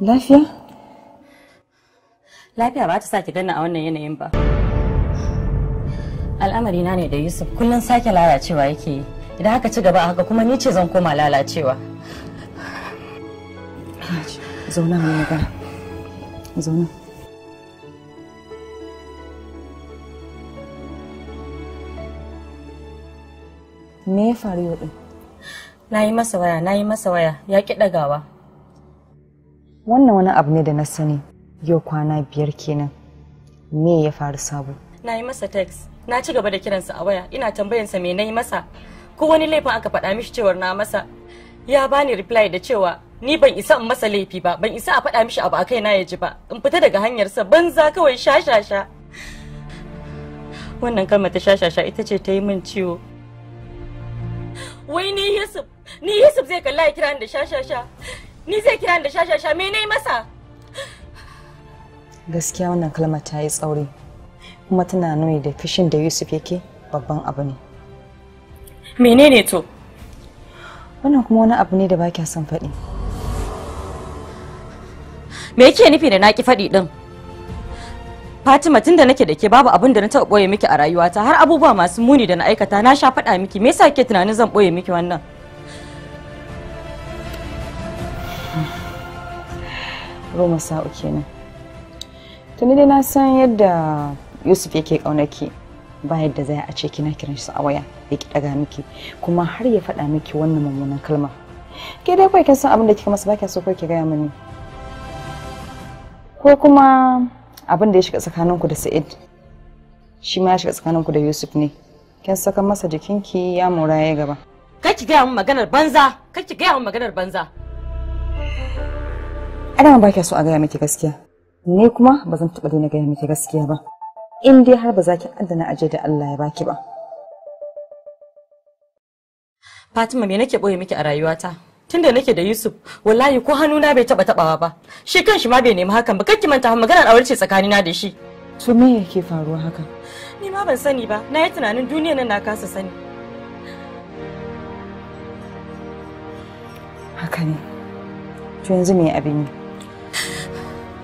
Lafiya? Lafiya ba ta sa ki gana a wannan yanayin ba. Al'amari na ne da Yusuf kullum sake lalacewa yake yi. Idan haka ci gaba haka kuma ni ce zan koma lalacewa. Zauna mai ga Zauna. Me ya faru yau ɗin? na yi masa waya na yi masa waya ya ki ɗagawa wannan wani abu ne da na sani yau kwana biyar kenan me ya faru sabo na yi masa text na ci gaba da kiransa a waya ina tambayansa me na yi masa ko wani laifin aka faɗa mishi cewar na masa ya bani reply da cewa ni ban isa in masa laifi ba ban isa a faɗa mishi abu a kaina ya ji ba in fita daga hanyar hanyarsa banza kawai shashasha wannan kalmar ta shashasha ita ce ta yi min ciwo wai ni yusuf ni yusuf zai kalla ya kira ni da shashasha ni zai kira ni da shashasha me ne masa gaskiya wannan kalma ta yi tsauri kuma tana nuni da fishin da yusuf yake babban abu ne menene to wannan kuma wani abu ne da ba kya son faɗi me yake nufi da naki faɗi din? Fatima tun da nake da ke babu abin da na taɓa ɓoye miki a rayuwata har abubuwa masu muni da na aikata na sha faɗa miki me yasa kike tunanin zan ɓoye miki wannan? Roma sa'u kenan. Tuni dai na san yadda Yusuf yake ƙaunaki ba yadda zai a ce kina kiran shi a waya ya ki daga miki kuma har ya faɗa miki wannan mummunan kalma. Ke dai kawai kin san abin da kika masa ba ka so kawai ki gaya mini. Ko kuma abin da ya shiga tsakaninku da sa'id shi ma ya shiga tsakaninku da yusuf ne kin saka masa jikinki ya mora ya gaba kar ki gaya min maganar banza gaya min maganar banza adama ba kya so a gaya miki gaskiya ni kuma ba zan taɓa na gaya miki gaskiya ba in dai har ba za ki addana aje da Allah ya baki ba Fatima me nake boye miki a rayuwata tunda nake da Yusuf wallahi ko hannuna bai taba tabawa ba shi kan shi ma bai nemi hakan ba kanki manta maganar aure ce tsakanina da shi to me yake faruwa haka ni ma ban sani ba na yi tunanin duniyar nan na kasa sani haka ne to yanzu me abin yi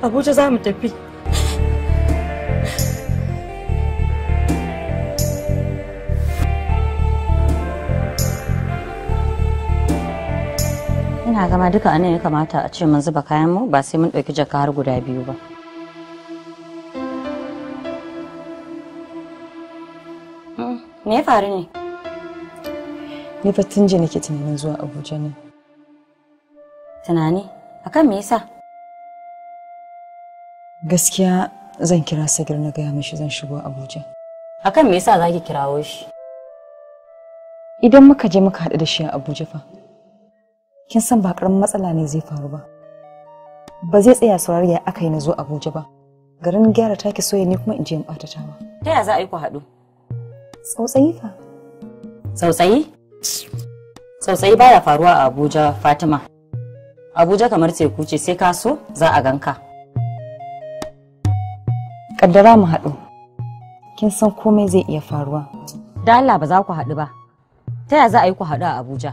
Abuja za mu tafi ina gama duka anan ya kamata a ce mun zuba kayan mu ba sai mun ɗauki jaka har guda biyu ba hmm, me ya faru ne ni fa tun ji nake tunanin zuwa abuja ne tunani akan me yasa gaskiya zan kira sagir na gaya mishi zan shigo abuja akan me yasa zaki kirawo shi idan muka je muka haɗu da shi a abuja fa kin san ba karamin matsala ne zai faru ba ba zai tsaya saurari ya aka yi na zo abuja ba garin gyara taki soye ne kuma in je in bata ta ma ta ya za a yi ku haɗu tsautsayi fa tsautsayi tsautsayi baya faruwa a abuja fatima abuja kamar teku ce sai ka so za a ganka kaddara mu haɗu kin san komai zai iya faruwa da Allah ba za ku haɗu ba ta ya za a yi ku haɗu a abuja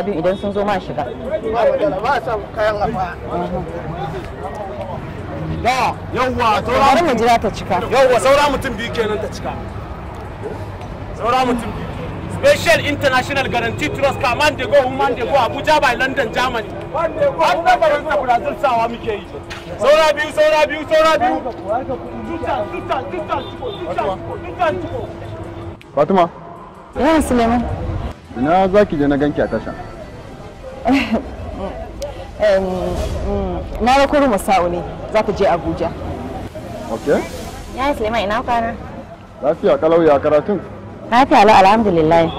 guda biyu idan sun zo ma shiga ba sa kayan da yawwa saura bari mu jira ta cika yawwa saura mutum biyu kenan ta cika saura mutum biyu special international guarantee trust command they go human they go abuja by london germany har da barin da brazil sawa muke yi saura biyu saura biyu saura biyu fatima yawan suleiman ina za ki je na ganki a tashan na ga kuru masa'u ne za ka je abuja ok ya yi suleiman ina kwana lafiya kalau ya karatun lafiya lo alhamdulillah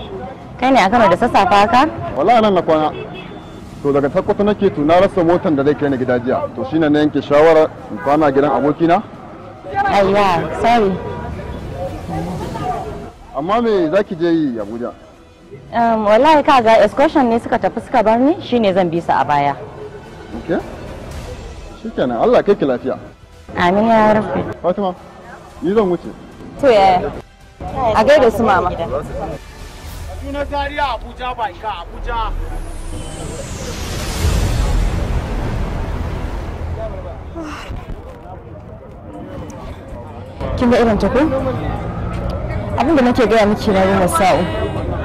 kai ne a kano da sassafa haka wala nan na kwana to daga takwata nake to na rasa motan da zai kai ni gida jiya to shine na yanke shawara in kwana gidan abokina aiya sorry amma me zaki je yi abuja Um, wallahi kaga excursion ne suka tafi suka bar ni shine zan bi su a baya. Okay. Shikenan Allah kai ki lafiya. Amin ya rabbi. Fatima, ni zan wuce. To yaya? A gaida su mama. juna Zaria Abuja ba ka Abuja. Kin ga irin ta ko? Abin da nake gaya miki na yi sa'o.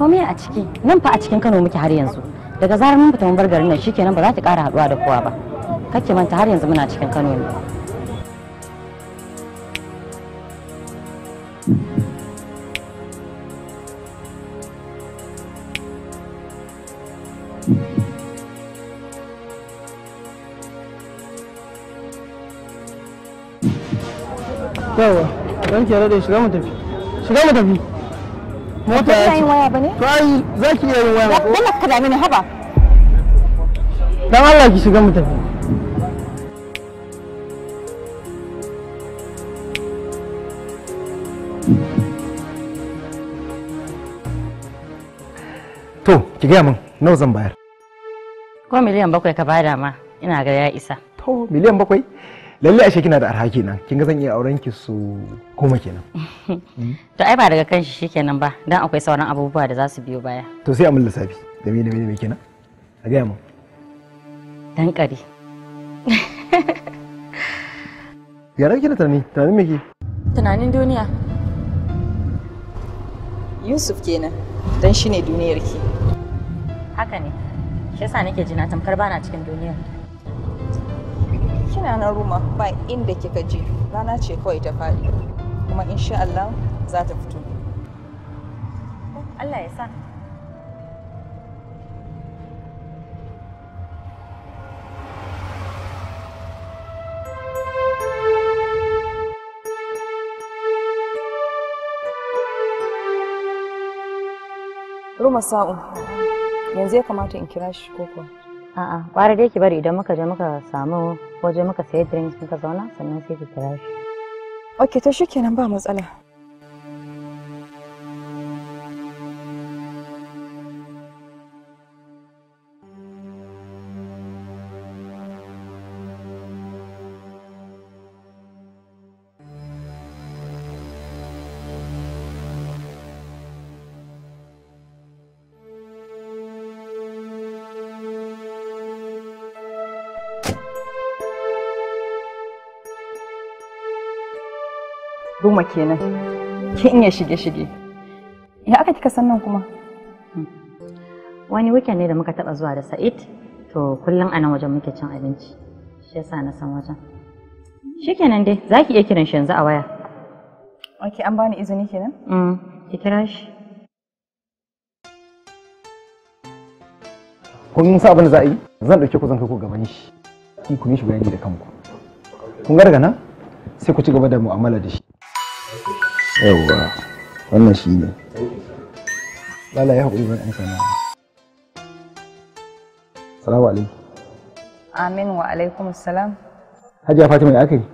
to me a ciki nan fa a cikin Kano muke har yanzu daga zarar mun fita mun bar garin nan shikenan ba za ta ƙara haɗuwa da kowa ba kake manta har yanzu muna cikin Kano ne yawa don ke da shiga mu tafi shiga mu tafi mota ya ce waya bane to ai zaki iya yin waya ko dalla ka dame ni haba dan Allah ki shiga mu tafi to ki gaya min nawa zan bayar ko miliyan bakwai ka bada ma ina ga ya isa to miliyan bakwai lalle ashe kina da arha kenan kin ga zan iya auren ki su goma kenan to ai ba daga kanshi shikenan ba dan akwai sauran abubuwa da za su biyo baya to sai a lissafi da me da me kenan a ga mu dan kare ya rage da tunani tunanin me ke tunanin duniya Yusuf kenan dan shine duniyar ki haka ne shi yasa nake jina tamkar bana cikin duniyar kina na ruma ba inda kika je rana ce kawai ta faɗi kuma insha Allah za ta fito Allah ya sa Ruma sa'u yanzu ya kamata in kira shi koko A'a, ƙwara dai ki bari idan muka je muka samu waje muka sayi drinks muka zauna sannan sai ki kira shi ok to shikenan ba matsala goma kenan kin iya shige-shige ya aka kika san nan kuma hmm. wani weekend ne da muka taba zuwa da sa'id to kullum a nan wajen muke cin abinci shi yasa na san wajen shi kenan dai za ki iya kiran shi yanzu a waya ok an bani izini kenan hmm, ki kira shi kun sa abin da za a yi zan ɗauke ku zan kai ku gaban shi kun yi shi bayani da kanku kun ga daga nan sai ku ci gaba da mu'amala da shi yawwa wannan shi ne lala ya haƙuri zan aika mana salamu alaikum amin wa alaikum salam hajiya fatima ya aka yi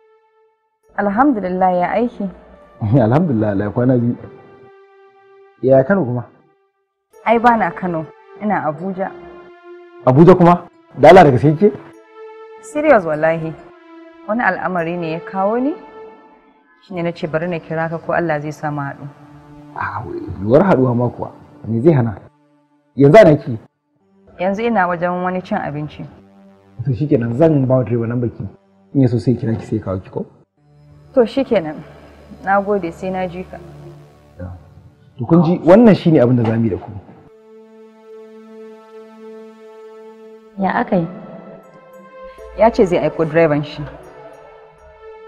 alhamdulillah ya aiki alhamdulillah la kwana biyu ya kano kuma ai ba na kano ina abuja abuja kuma dala daga sai ke serious wallahi wani al'amari ne ya kawo ni shine na ce bari na kira ka ko Allah zai sa mu haɗu yiwuwar haɗuwa ma kuwa me zai hana yanzu ana ki yanzu ina wajen wani cin abinci to shikenan zan ba wa direba nan baki in yaso sai kira ki sai kawo ki ko to shikenan na gode sai na ji ka to kun ji wannan shine abin da mu yi da ku ya aka yi ya ce zai aiko direban shi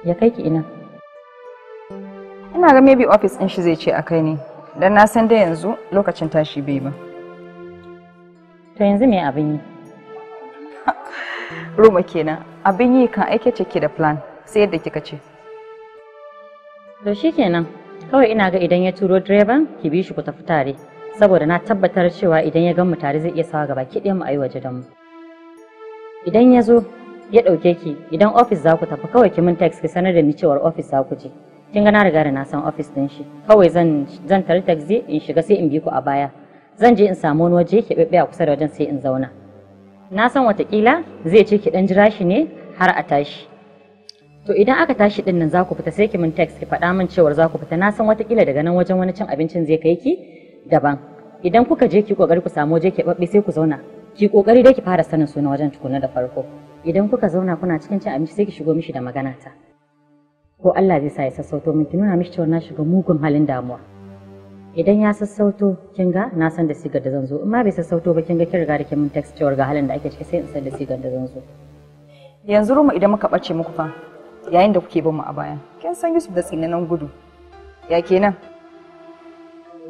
ya kai ki ina ina ga maybe office din shi zai ce a kai ne dan na san da yanzu lokacin tashi bai ba to yanzu me abin yi Roma kenan abin yi kan aike ce da plan sai yadda kika ce to kenan kawai ina ga idan ya turo direban ki bi shi ku tafi tare saboda na tabbatar cewa idan ya gan mu tare zai iya sawa gaba ki mu mu ayi waje da mu idan ya zo ya ɗauke ki idan ofis za ku tafi kawai ki mun text ki sanar da ni cewar ofis za ku je kin ga na riga na san office din shi kawai zan zan tare taxi in shiga sai in bi ku a baya zan je in samu wani waje ke bebe a kusa da wajen sai in zauna na san watakila zai ce ki dan jira shi ne har a tashi to idan aka tashi din nan za ku fita sai ki min text ki faɗa min cewar za ku fita na san watakila daga nan wajen wani cin abincin zai kai ki daban idan kuka je ki kokari ku samu waje ke babbe sai ku zauna ki kokari dai ki fara sanin suna wajen tukuna da farko idan kuka zauna kuna cikin cin abinci sai ki shigo mishi da magana ta ko Allah zai sa ya sassauto min ki nuna mishi cewa na shiga mugun halin damuwa idan ya sassauto kin ga na san da sigar da zan zo in ma bai sassauto ba kin ga kin riga da kin min text cewa ga halin da ake ciki sai in san da sigar da zan zo yanzu rumu idan muka bace muku fa yayin da kuke bin mu a baya kin san Yusuf da tsinanan gudu ya kenan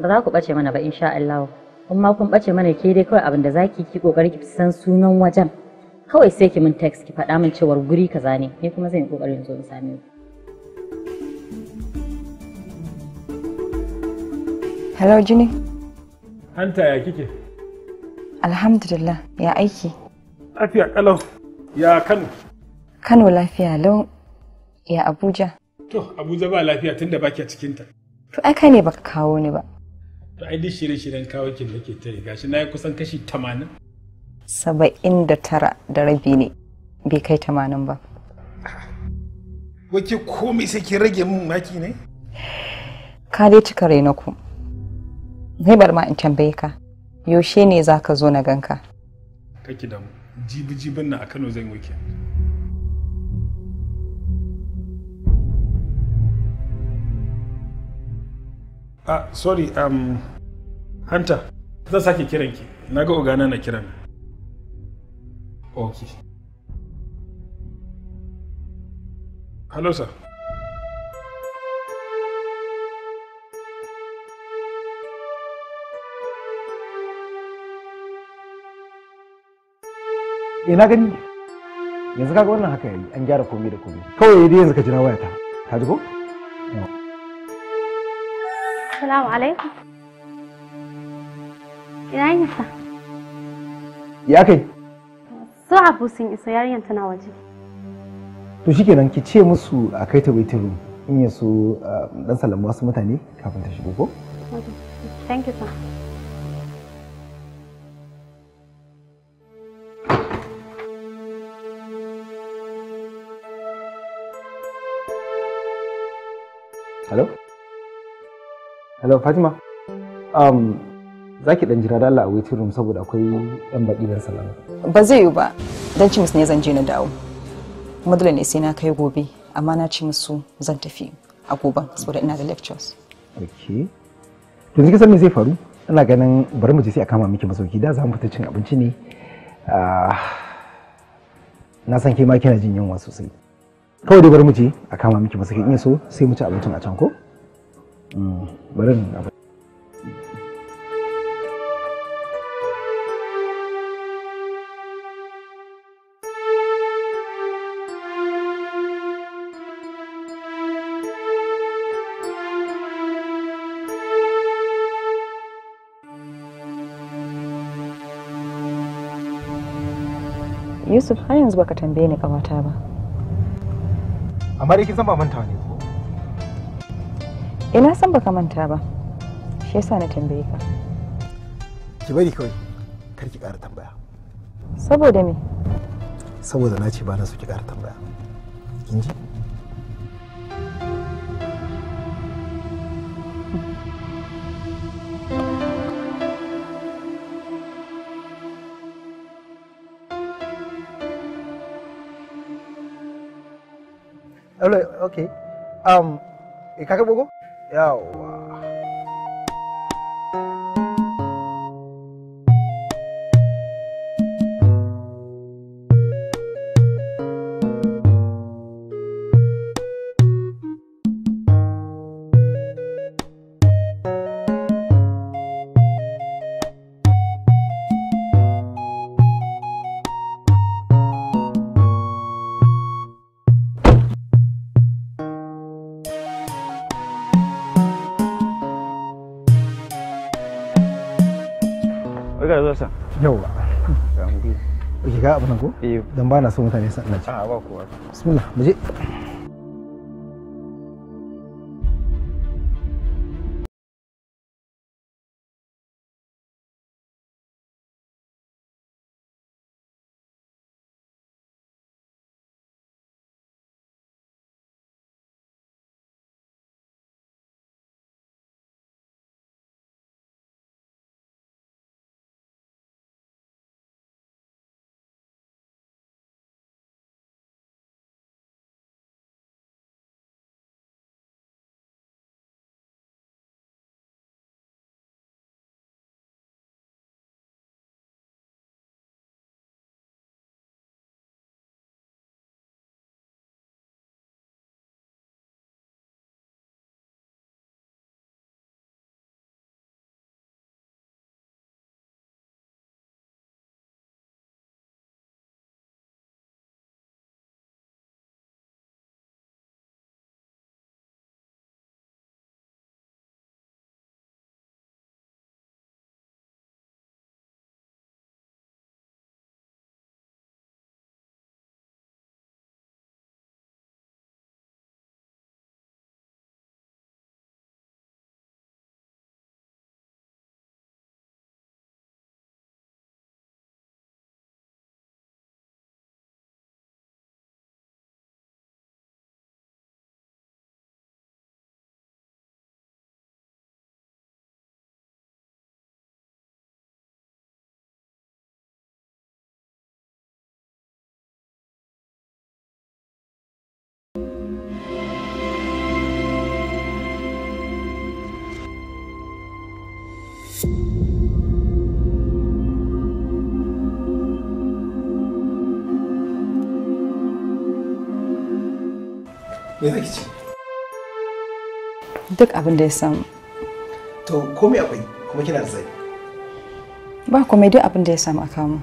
ba za ku bace mana ba insha Allah kun ma kun bace mana ke dai kawai abin da zaki ki kokari ki san sunan wajen kawai sai ki mun text ki faɗa min cewar guri kaza ne ni kuma zan yi kokarin zo in same ku Hello Jini. Hanta ya kike? Alhamdulillah ya aiki. Lafiya kalau ya Kano. Kano lafiya lau ya Abuja. To Abuja ba lafiya tunda baki a cikinta. To ai kai ne baka kawo ni ba. To ai duk shirye-shiryen kawo kin nake ta yi gashi na yi kusan kashi tamanin. Saba'in da tara da rabi ne bai kai tamanin ba. Wace komai sai ki rage min maki ne? Ka dai cika rainaku. ku. Mai bar ma in tambaye ka. Yaushe ne za ka zo na ganka? Kake da mu. Jibi-jibin na a Kano zan wuke. Ah, sorry, um, hunter zan sake kiranki. Na ga ogana na kiran. Okay. Hello, sir. eh na gani yanzu kaga wannan haka yayi an gyara komai da komai kawai dai yanzu ka jira wayata ka ji ko Assalamu alaikum ina yin sa ya kai su abu sun isa yarinyar tana waje to shikenan ki ce musu a kai ta waiting room in yaso ah, dan salama wasu mutane kafin ta shigo ko thank you sir Hello? Hello Fatima? Um, za ki dan jira da Allah a waiting room saboda akwai yan baki dan salama. Ba zai yi ba. Dan ci ne zan je na dawo. Kuma ne sai na kai gobe amma na ci musu zan tafi a gobe saboda ina da lectures. Okay. Yanzu kisan me zai faru? Ina ganin bari mu je sai a kama miki masauki da za mu fita cin abinci ne. Ah, na san ke ma kina jin yunwa sosai. kawai dai bari mu je a kama miki masakin iya so sai mu ci abincin a can ko mm, bari abu Yusuf har yanzu baka tambaye ni kawata ba. amma dai kin san ba manta ne ko ina eh, san baka manta ba shi yasa na tambaye ka ki bari kawai kar ki ƙara tambaya saboda me saboda na ce ba na so ki ƙara tambaya kin ji um eh, ka karɓo ko eh. dan ba na so mutane su Allah ci a ah, ba kowa bismillah mu je me zaki ce duk abin da ya samu to komai akwai kuma kina da zai. ba komai duk abin da ya samu a kamu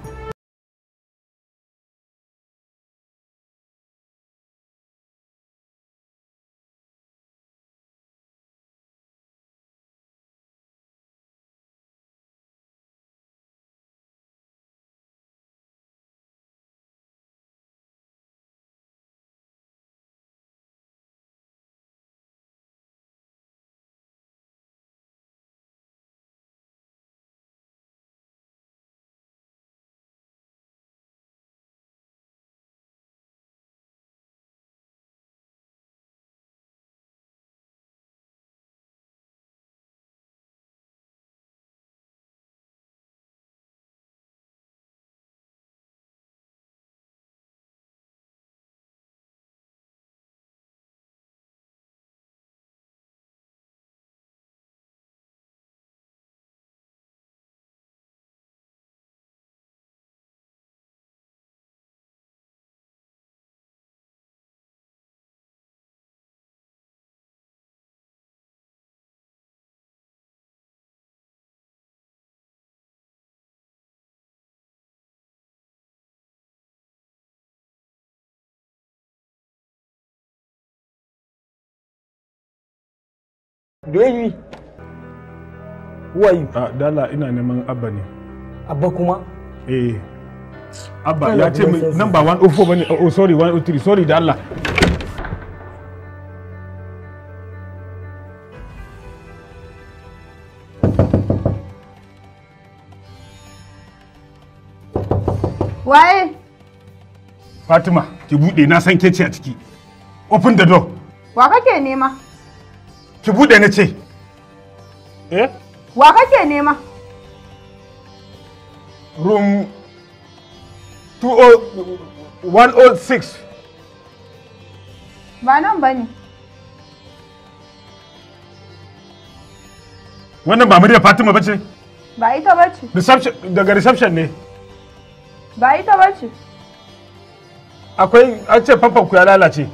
Baby, who are you? Ah, dala ina neman Abba ne. Abba kuma? Eh. Abba ya ce mai number 104 bane. Oh sorry 103. Sorry Dala. Allah. Waye? Fatima, ki bude na san ke a ciki. Open the door. Wa kake nema? ki bude ni ce eh wa kake nema room 106 ba nan ba ne wannan ba murya fatima ba ce ba ita ba ce daga reception ne ba ita ba ce akwai an ce famfan ku ya lalace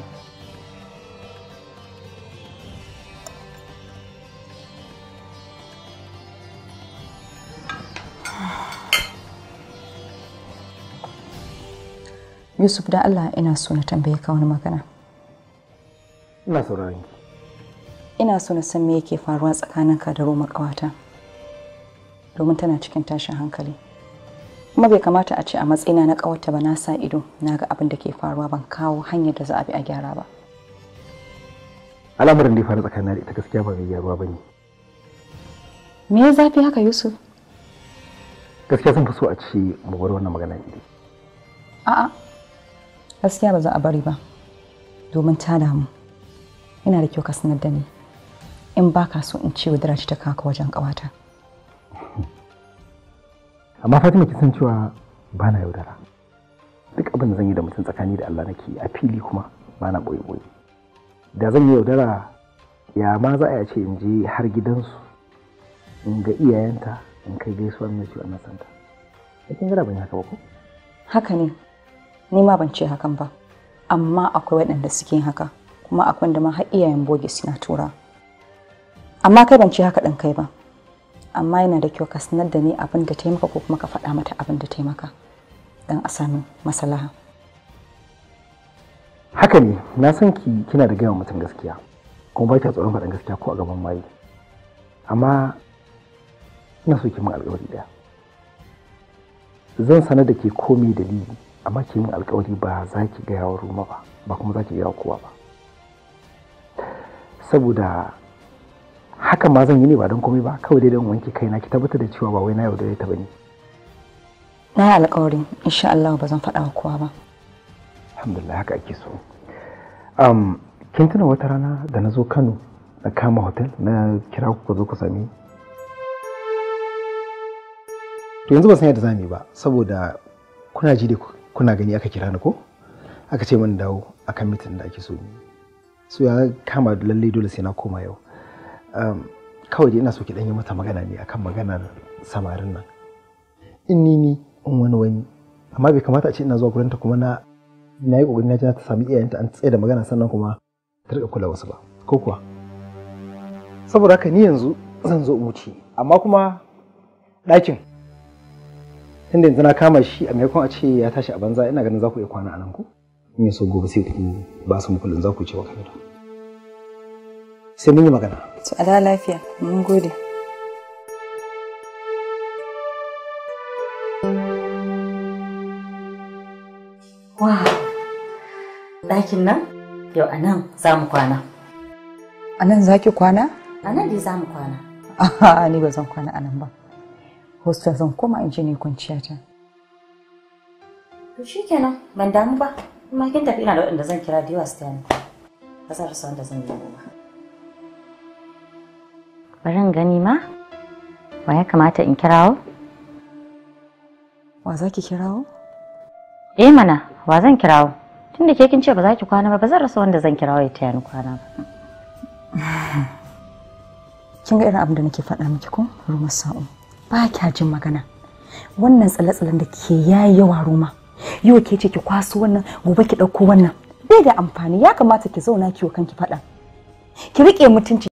Yusuf da Allah ina so na tambaye ka wani magana. Ina saurari. Ina so na san me yake faruwa tsakaninka da Roma ƙawata. Domin tana cikin tashin hankali. Kuma bai kamata a ce a matsayina na ƙawarta ba na sa ido na ga abin da ke faruwa ban kawo hanyar da za a bi a gyara ba. Al'amarin da ya faru tsakanin ita gaskiya ba mai gyaruwa ba ne. Me ya zafi haka Yusuf? gaskiya sun fi so a ce mu bar wannan magana ne a'a gaskiya ba za a bari ba domin ta damu yana da kyau ka sanar da ni in ba ka so in ce wadara ta kaka wajen kawata amma fatima ki san cewa ba na yaudara duk abin da zan yi da mutum tsakani da allah nake a fili kuma ba na boye boye da zan yi yaudara ya ma za a ce in je har gidansu in ga iyayenta in kai gaisuwa mai a matsanta kin gara ban haka ba ko haka ne ni ma ban ce hakan ba amma akwai waɗanda suke haka kuma akwai wanda ma har iyayen boge suna tura amma kai ban ce haka ɗin kai ba amma yana da kyau ka sanar da ni abin da taimaka ko kuma ka faɗa mata abin da taimaka don a sami masalaha haka ne na san ki kina da gaya mutum gaskiya kuma ba ki tsoron faɗin gaskiya ko a gaban maye amma ina so ki min alkawari daya zan sanar da ke komai dalili amma ki min alkawari ba za ki gaya wa ruma ba ba kuma za ki gaya wa kowa ba saboda haka ma zan yi ne ba don komai ba kawai dai don wanke kaina ki tabbatar da cewa ba wai na yaudare ta bane na yi alkawari insha Allah ba zan faɗa wa kowa ba alhamdulillah haka ake so kin tuna wata rana da na zo Kano na kama hotel na kira ku ku zo ku sami to yanzu ba san yadda mu yi ba saboda kuna ji da kuna gani aka kira ni ko aka ce min dawo akan mitin da ake so so ya kama lalle dole sai na koma yau kawai dai ina so ki dan yi mata magana ne akan maganar samarin nan in ni ni in wani wani amma bai kamata a ce ina zuwa gurinta kuma na na yi kokari na ji ta samu iyayenta an tsaye da magana sannan kuma ta rika kula wasu ba ko kuwa saboda haka ni yanzu zan zo in wuce amma kuma ɗakin tunda yanzu na kama shi a maimakon a ce ya tashi a banza ina ganin za ku iya kwana a nan ku in yi so gobe sai ku ba su mukulin za ku ce wa kamar sai mun yi magana to ala lafiya mun gode Wa! ɗakin nan yau a nan za mu kwana a nan za ki kwana a nan dai za mu kwana ni ba zan kwana a nan ba hostel zan koma in ne kwanciya ta to shikenan ban damu ba amma kin tafi ina da waɗanda zan kira diva yawa su sa ba rasa wanda zan yi ba bari gani ma wa ya kamata in kirawo wa za ki kirawo eh mana wa zan kirawo tunda ke kin ce ba za ki kwana ba ba zan rasa wanda zan kirawo ya tayani kwana ba kin ga irin abin da nake faɗa miki ko rumar sa'o ba kya jin magana wannan tsale-tsalen da ke yayi yawa roma yau ke ce ki kwaso wannan gobe ki ɗauko wannan bai da amfani ya kamata ki zauna kiwo kanki faɗa ki riƙe mutunci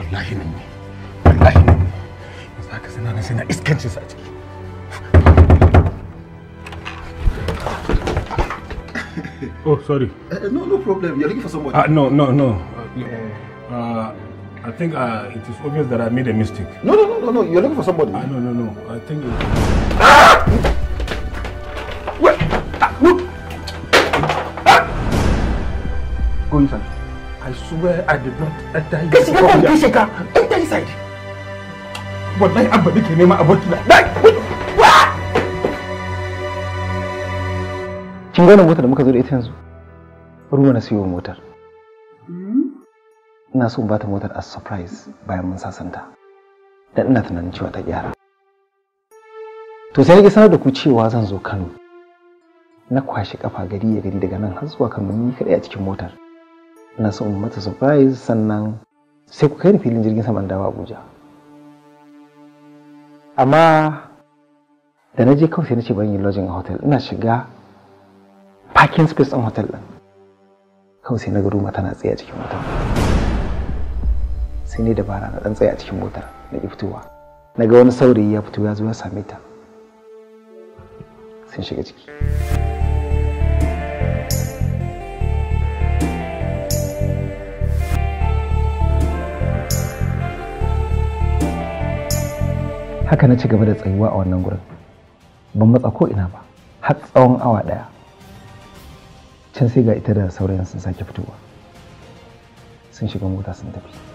wallahi wallahi oh sorry uh, no no problem you're looking for someone uh, ah, no no no uh, uh, I think uh, it is obvious that I made a mistake no no no no no you're looking for somebody uh, no no no I think you ah! go inside I swear I did not enter your Ka shiga ban Enter inside. Wallahi abba nake nema abokina. Kin gane motar da muka zo da ita yanzu? Ruwa na siyo motar. Hmm? Ina so in bata motar a surprise bayan mun sasanta. Dan ina tunanin cewa ta gyara. To sai ki sanar da ku cewa zan zo Kano. Na kwashi kafa gari ya gari daga nan har zuwa Kano ni kadai a cikin motar. na so in mata surprise sannan sai ku kai da filin jirgin saman dawa abuja amma da na je kawai sai na ce yi lodging a hotel ina shiga parking space ɗin hotel ɗin kawai sai na ga ruma tana tsaye a cikin motar sai ne dabara na ɗan tsaye a cikin motar na ki fitowa na ga wani saurayi ya fito ya zo ya same ta sun shiga ciki haka na ci gaba da tsayuwa a wannan gurin ban matsa ko ina ba har tsawon awa daya can sai ga ita da saurayin sun sake fitowa sun shiga mota sun tafi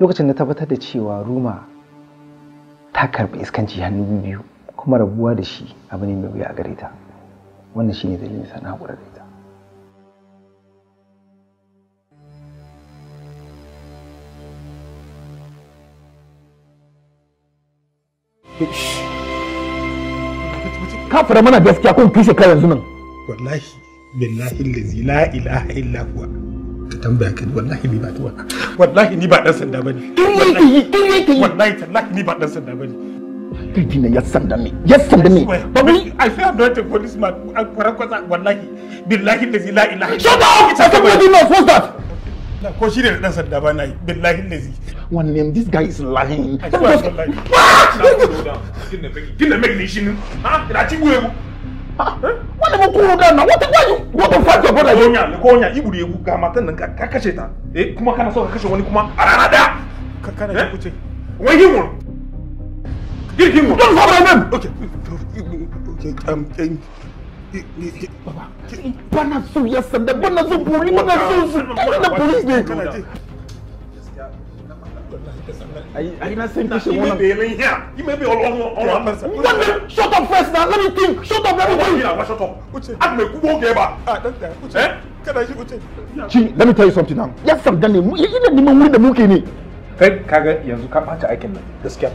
lokacin da tabbatar da cewa ruma ta karbi iskanci hannu biyu kuma rabuwa da shi abu ne mai wuya a gare ta wannan shine dalilin sa na hakura da ita kafira mana gaskiya kun kishe kai yanzu nan wallahi billahi lazi la ilaha illa huwa ka tambaya ka wallahi ni ba tuwa wallahi ni ba dan sanda bane wallahi wallahi tallahi ni ba dan sanda bane kai ne ya sanda me ya sanda me ba mu i feel not a policeman kwarakwasa wallahi billahi la ilaha shut up somebody knows what's that ko shi dan sanda ba billahi lazi one name this guy is lying i swear to god kin da kin ni shin ha da ci guye mu ha What about two of them now? What about you? What the fuck your brother? Konya, Konya, ibu da ibu ga matan nan ka kashe ta. Eh kuma kana so ka kashe wani kuma a rana daya. Ka kana ji eh? kuce. Wai himu. Girgin mu. Don't bother them. Okay. Okay, um, um, Baba, bana so ya sanda, bana so buri, bana so su, kana police ne. kana Ai, na same question. He may be in here. may be all on all person. Shut up first now. Let me think. Shut up. Let me think. shut up. Uche. At me kubo geba. Ah, doctor. Chi, let me tell you something now. Yes, I'm done. ne. kai kaga yanzu ka ɓaci aikin nan gaskiya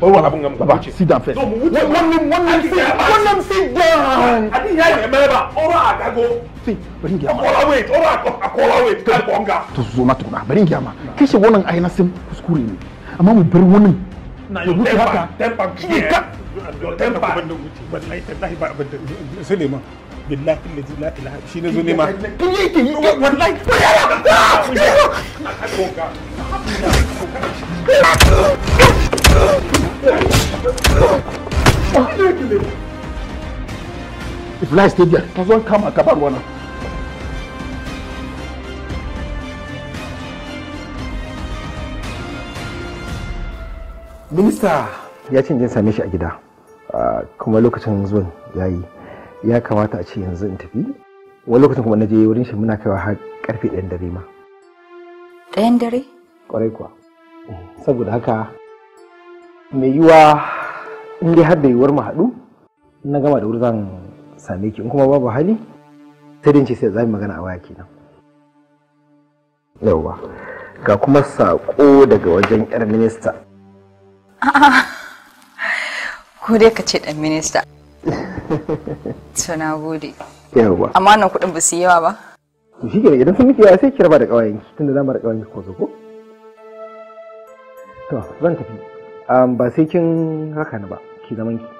bar wani abin gamu sit down first wannan wannan One wannan sit down abin ya ne mai ba ora a dago see bari ngiya wait ora a wait kai konga to na tukuna ne amma mu bar wannan ya wuce haka kama ka tempa wallahi tallahi ba abin da billahi la ilaha shi ne zo yi wallahi there, kabar wannan. minista ya ce in same shi a gida kuma lokacin zuwan ya yi ya kamata a ce yanzu in tafi wani lokacin kuma na je wurin shi muna kaiwa har karfe ɗayan dare ma ɗayan dare Ƙwarai kuwa saboda haka mai yiwa in dai har da yiwuwar mu haɗu na gama da wuri zan same ki in kuma babu hali sai dai ce sai za mu magana a waya kenan yauwa ga kuma saƙo daga wajen yar minista ko dai ka ce dan minista suna gode yawa amma nan kuɗin ba su yawa ba to shi idan sun miki yawa sai ki raba da ƙawayen ki tunda za mu da ƙawayen ki ko zo ko to zan tafi ba sai kin haka ni ba ki zaman ki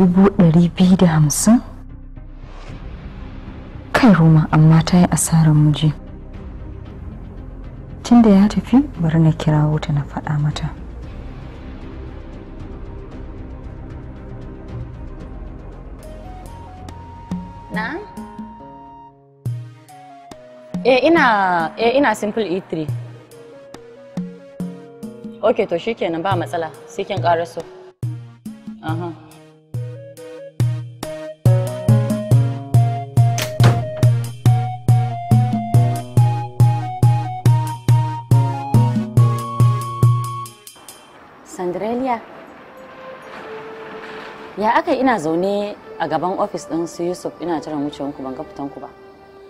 dubu ɗari biyu da hamsin kai roma amma ta yi asarar muje tunda ya tafi bari na kirawo ta na faɗa mata na? e ina e ina simple e3 ok to shi kenan ba matsala sai kin ƙaraso ya aka ina zaune a gaban ofis din su yusuf ina jiran wucewanku ban ga ku ba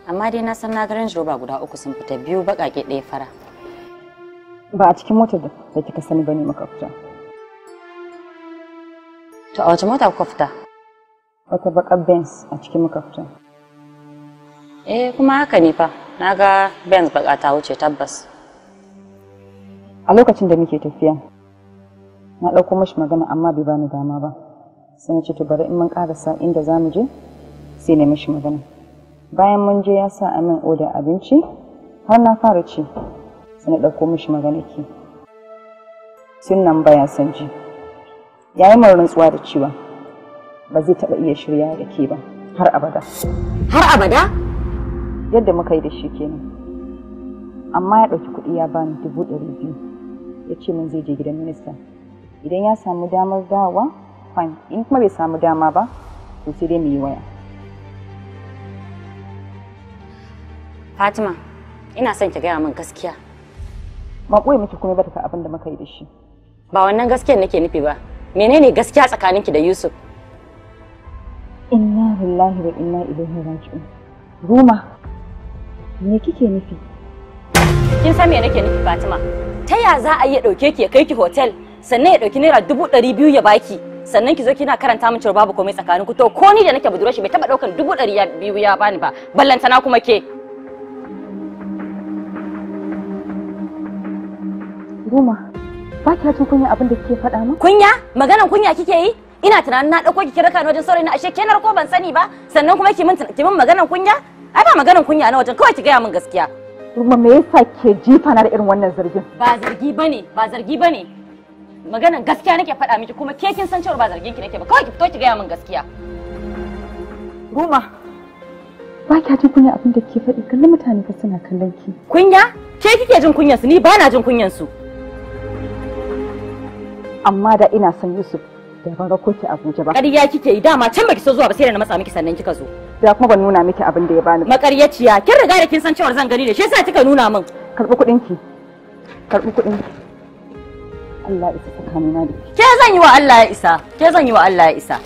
amma dai na san na ga range rover guda uku sun fita biyu baƙaƙe ɗaya fara ba a cikin motar da kika sani bane maka fita to a wace mota kuka fita wata baka benz a cikin muka fita eh kuma haka ne fa na ga benz baka ta wuce tabbas a lokacin da muke tafiya na ɗauko mashi magana amma bai bani dama ba sai na ce to bari in mun karasa inda za mu je sai na mishi magana bayan mun je ya sa a min oda abinci har na fara ci sai na ɗauko mishi magana ke sun nan baya san ji ya yi min rantsuwa da cewa ba zai taɓa iya shirya da ke ba har abada har abada yadda muka yi da shi kenan amma ya ɗauki kuɗi ya bani dubu ɗari biyu ya ce min zai je gidan minista idan ya samu damar dawa fine in kuma bai samu dama ba to sai dai mu yi waya Fatima ina son ki gaya min gaskiya ba koyi miki kuma ba ta abin da muka yi da shi ba wannan gaskiyar nake nufi ba menene gaskiya tsakanin ki da Yusuf inna lillahi wa inna ilaihi raji'un Ruma me kike nufi kin san me nake nufi Fatima ta ya za a yi ya dauke ki ya kai ki hotel sannan ya dauki naira dubu ɗari biyu ya baki sannan ki zo kina karanta min cewa babu komai tsakanin ku to ko ni da nake budurwar shi bai taba daukan dubu dari ya biyu ya bani ba ballantana kuma ke Goma, ba kya jin kunya abin da kike faɗa min? Kunya? Maganan kunya kike yi? Ina tunanin na dauko ki kira kano wajen saurayi na ashe kenar ko ban sani ba sannan kuma ki min maganan kunya? Ai ba maganan kunya na wajen kawai ki gaya min gaskiya. Kuma me yasa ke jifa na da irin wannan zargin? Ba zargi bane, ba zargi bane. maganan gaskiya nake faɗa miki kuma ke kin san cewa ba zargin ki nake ba kawai ki fito ki gaya min gaskiya Ruma ba kya ji kunya abin da ke faɗi kalli mutane fa suna kallon ki kunya ke kike jin kunyan su ni ba na jin kunyan su amma da ina son Yusuf da ban rako ki Abuja ba ƙarya kike yi dama can baki so zuwa ba sai da na matsa miki sannan kika zo da kuma ban nuna miki abin da ya bani makaryaciya kin riga da kin san cewa zan gani ne shi yasa kika nuna min karbi kuɗin ki karbi kuɗin ki Allah ya isa tsakanina da ke zan yi wa Allah ya isa ke zan yi wa Allah ya isa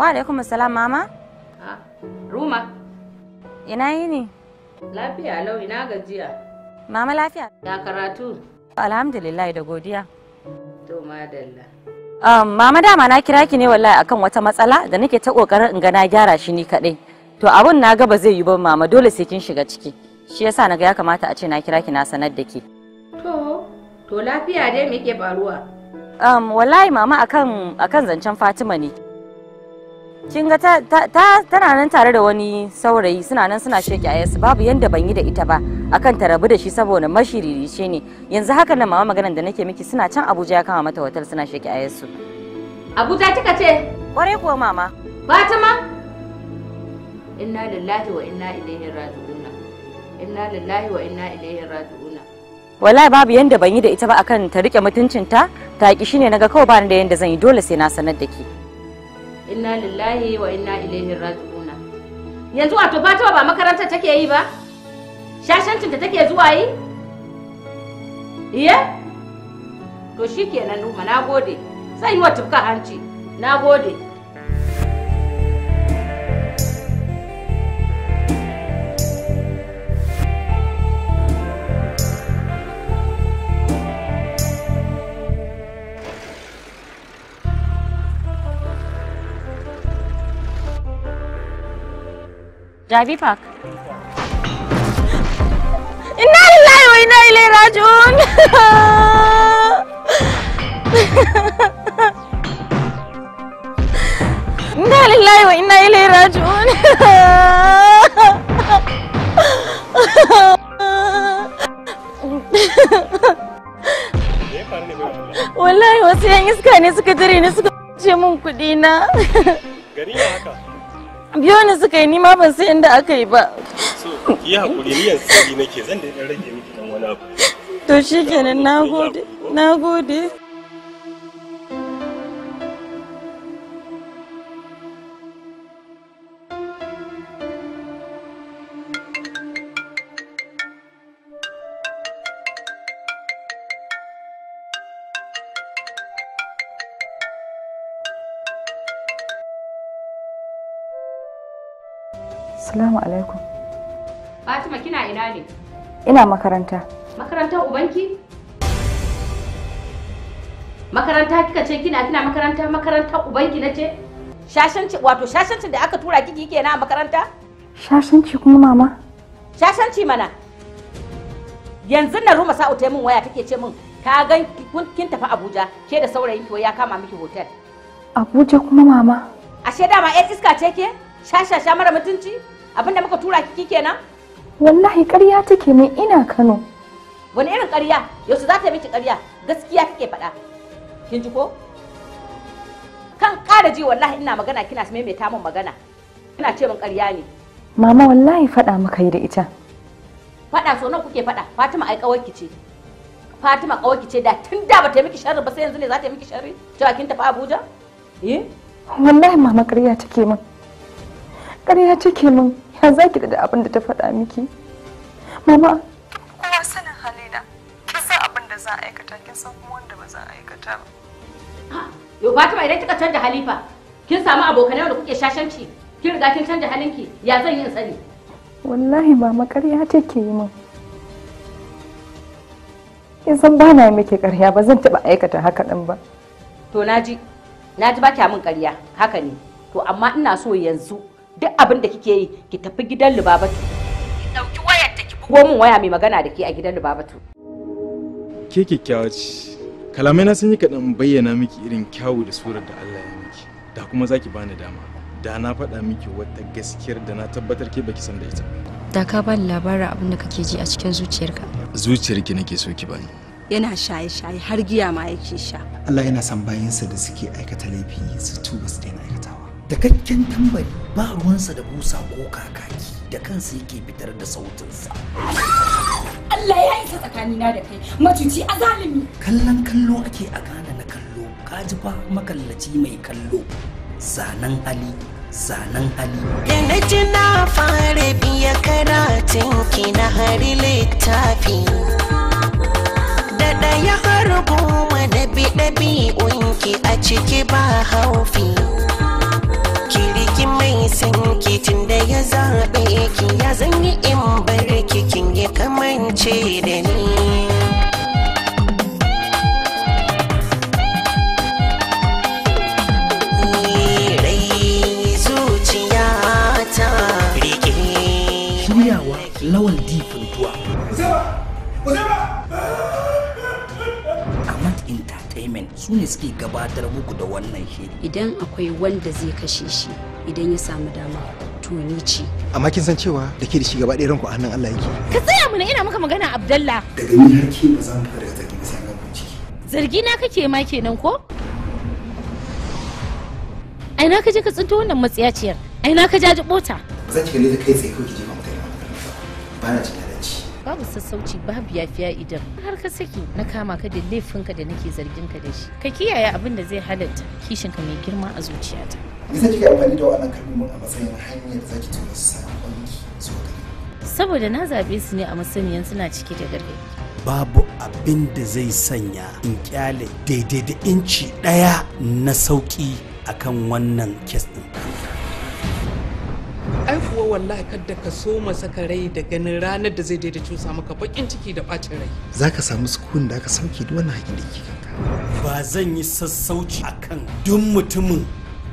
Wa alaikum salam mama. Ruma. Ina yini? Lafiya lau ina gajiya. Mama lafiya? Ya karatu. Alhamdulillah da godiya. To madalla. Um, mama dama na kira ki ne wallahi akan wata matsala da nake ta kokarin in ga na gyara shi ni kadai. To abun na ga ba zai yi ba mama dole sai kin shiga ciki. Shi yasa naga ya kamata a ce na kira ki na sanar da ke. To, to lafiya dai me ke faruwa? Um, wallahi mama akan akan zancen Fatima ne. kin ga ta tana nan tare da wani saurayi suna nan suna sheki ayyansu babu yanda ban yi da ita ba akan ta rabu da shi saboda mashiririce ne yanzu haka nan mama maganar da nake miki suna can Abuja ya kama mata hotel suna sheki ayyansu Abuja kika ce kware ko mama Fatima inna lillahi wa inna ilaihi raji'un inna lillahi wa inna ilaihi raji'un wallahi babu yanda ban yi da ita ba akan ta rike mutuncinta ta ki shine naga kawai ba da yanda zan yi dole sai na sanar da ki inna lillahi wa inna ilaihi raji'una yanzu wato fatima ba makarantar take yi ba shashancinta take zuwa yi iye to shikenan numa nagode sai yi wa tufka hanci nagode. Jabi Park. Inna lillahi wa inna raji'un. Inna lillahi wa inna raji'un. Wallahi wasu yan iska ne suka tare ni suka ce mun kudi na. Gari haka. biyo ni suka yi nima ban san inda aka yi ba so ki hakuri ni yanzu sai nake zan da rage miki dan wani abu to shikenan nagode nagode Ina makaranta. Makaranta ubanki? Makaranta kika ce kina kina makaranta makaranta ubanki na ce? Shashanci wato shashanci da aka tura kiki kenan a makaranta? Shashanci kuma mama? Shashanci mana. Yanzu na Ruma Sa'u ta min waya take ce min ka gan kin tafi Abuja ke da saurayin ki ya kama miki hotel. Abuja kuma mama? Ashe dama 'yar iska ce ke? Shashasha mara mutunci? Abinda muka tura kiki kenan? wallahi ƙarya take mai ina kano wani irin ƙarya yaushe za ta yi miki ƙarya gaskiya kake faɗa kin ji ko kan ƙara ji wallahi ina magana kina su maimaita min magana kina ce min ƙarya ne mama wallahi faɗa muka yi da ita faɗa so nawa kuke faɗa fatima ai ƙawarki ce fatima ƙawarki ce da tun da bata yi miki sharri ba sai yanzu ne za ta yi miki sharri cewa kin tafi abuja eh wallahi mama ƙarya take min ƙarya take min ya za ki da abin da ta faɗa miki mama kowa sanin halina kin san abin da za a aikata kin san kuma wanda ba za a aikata ba yo Fatima idan kika canza halifa kin samu abokanai da kuke shashanci kin riga kin canza halinki ya zan yi sani wallahi ba makarya take yi min kin san ba na miki ƙarya ba zan taɓa aikata haka ɗin ba to naji naji ba kya min ƙarya haka ne to amma ina so yanzu duk abin da kike yi ki tafi gidan Lubabatu ki dauki wayar ta ki bugo min waya mai magana da ke a gidan Lubabatu ke kyakkyawa ce kalamai na sun yi kaɗan bayyana miki irin kyawu da surar da Allah ya miki da kuma zaki bani dama da na faɗa miki wata gaskiyar da na tabbatar ke baki san da ita da ka bani labarin abin da kake ji a cikin zuciyarka zuciyarki nake so ki bani yana shaye-shaye har giya ma yake sha Allah yana son bayansa da suke aikata laifi su tuba su daina aikatawa kakken tambari ba ruwansa da busa ko kakaki da kansa yake fitar da sautinsa Allah ya isa tsakanina da kai matuci a zalimi kallon kallo ake a gane na kallo kaji fa makallaci mai kallo zanen hali zanen hali da na ji na fara biya karatun ki na hari littafi da ɗaya har goma da bi a ciki ba haufi san kitin da ya zaɓe ki ya zanyi in bar kin ya kamance da ni su ne suke gabatar muku da wannan shiri idan akwai wanda zai kashe shi idan ya samu dama to ni ce amma kin san cewa da ke da shi gaba ɗaya ranku a hannun Allah yake ka tsaya mana ina maka magana Abdallah daga ni har ke ba za mu fara zargi ba sai ku bincike zargi na kake ma kenan ko ai na kaje ka tsinto wannan matsiyaciyar ai na ka jaji bota zan ki kalle da kai tsaye ko ki jefa mata ba na cikin babu sassauci babu yafiya idan har ka saki na kama ka da laifinka da nake zargin ka da shi ka kiyaye abin da zai halatta ka mai girma a zuciyata bisa amfani da wannan kalmomin a matsayin hanyar zaki saboda na zabe su ne a masaniyan suna cike da garbe babu abin da zai sanya in kyale daidai da inci ɗaya na sauƙi akan wannan kes ɗin. ai kuwa wallahi kadda ka so masa ka rai da ganin ranar da zai daida cusa maka bakin ciki da bacin rai ka samu sukun da aka sauke duk wani haƙi da ke kanka ba zan yi sassauci akan duk mutumin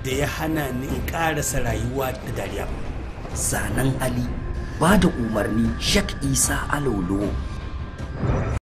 da ya hana ni in karasa rayuwa da dariya ba zanen ali ba da umarni Shek isa alolo